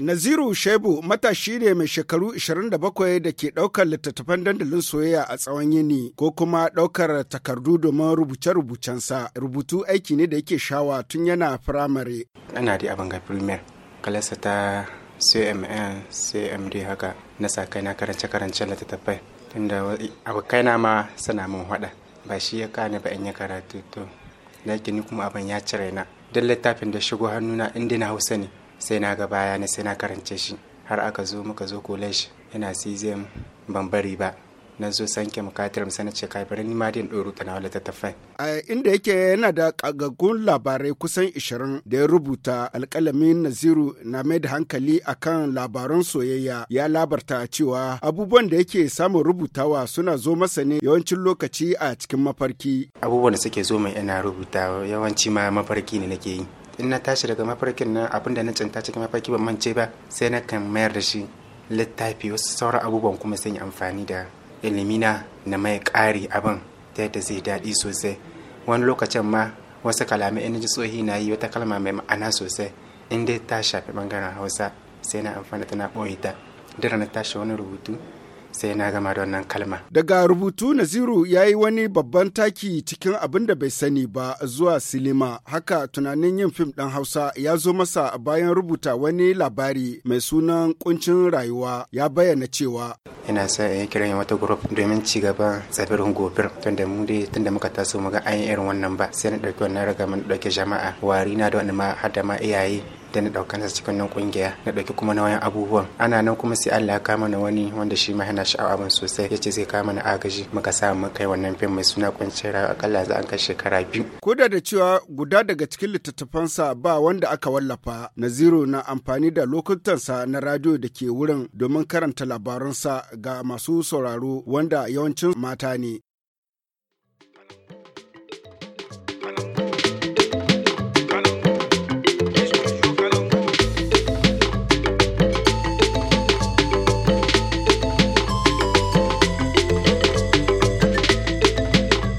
Naziru Shebu matashi ne mai shekaru 27 da ke ɗaukar littattafan dandalin soyayya a tsawon yini ko kuma ɗaukar takardu domin rubuce-rubucensa. Rubutu aiki ne da yake shawa tun yana firamare. Ana da abin ga primer, kalasa ta cmn cmd haka na sa kaina karance karance littattafai tunda kaina ma sana min hada ba shi ya kane ba in ya karatu to da yake ni kuma abin ya cire na duk littafin da shigo hannuna in na hausa ne sai na ga baya ne sai na karance shi har aka zo muka zo college ina cesium ban bari ba na zo sanke mukatar na ce kai bari ni ma na ɗoro ta nawa littattafai. A inda yake yana da kagaggun labarai kusan 20 da ya rubuta alƙalamin Naziru na mai da hankali akan labaran soyayya ya labarta cewa abubuwan da yake samun rubutawa suna zo masa ne yawancin lokaci a cikin mafarki. Abubuwan da suke zo mai ina rubutawa yawanci ma mafarki ne nake yi. In na tashi daga mafarkin nan abin da na cinta cikin mafarki ban mance ba sai na kan mayar da shi littafi wasu sauran abubuwan kuma sun yi amfani da ilimina na mai ƙari abin ta yadda zai daɗi sosai wani lokacin ma wasu kalamai in ji tsohi na yi wata kalma mai ma'ana sosai in dai ta shafi bangaren hausa sai na amfani tana ɓoye ta duk na tashi wani rubutu sai na gama da wannan kalma. Daga rubutu Naziru ya yi wani babban taki cikin abin da bai sani ba zuwa silima haka tunanin yin fim ɗin Hausa ya zo masa bayan rubuta wani labari mai sunan kuncin rayuwa ya bayyana cewa. ina sa ya kira wata group domin ci gaba tsabirin gobir tunda mu dai tunda muka taso ga an irin wannan ba sai na ɗauki wannan raga mun ɗauki jama'a wari na da wani ma har da ma iyaye da na ɗauka nasa cikin nan kungiya na ɗauki kuma na wayan abubuwan ana nan kuma sai Allah ya kama na wani wanda shi ma yana sha'awa abin sosai yace zai kama na agaji muka sa mu kai wannan fim mai suna kuncin rayu akalla za an kai shekara biyu ko da da cewa guda daga cikin littattafansa ba wanda aka wallafa naziru na amfani da lokutan sa na radio da ke wurin domin karanta sa ga masu sauraro wanda yawancin mata ne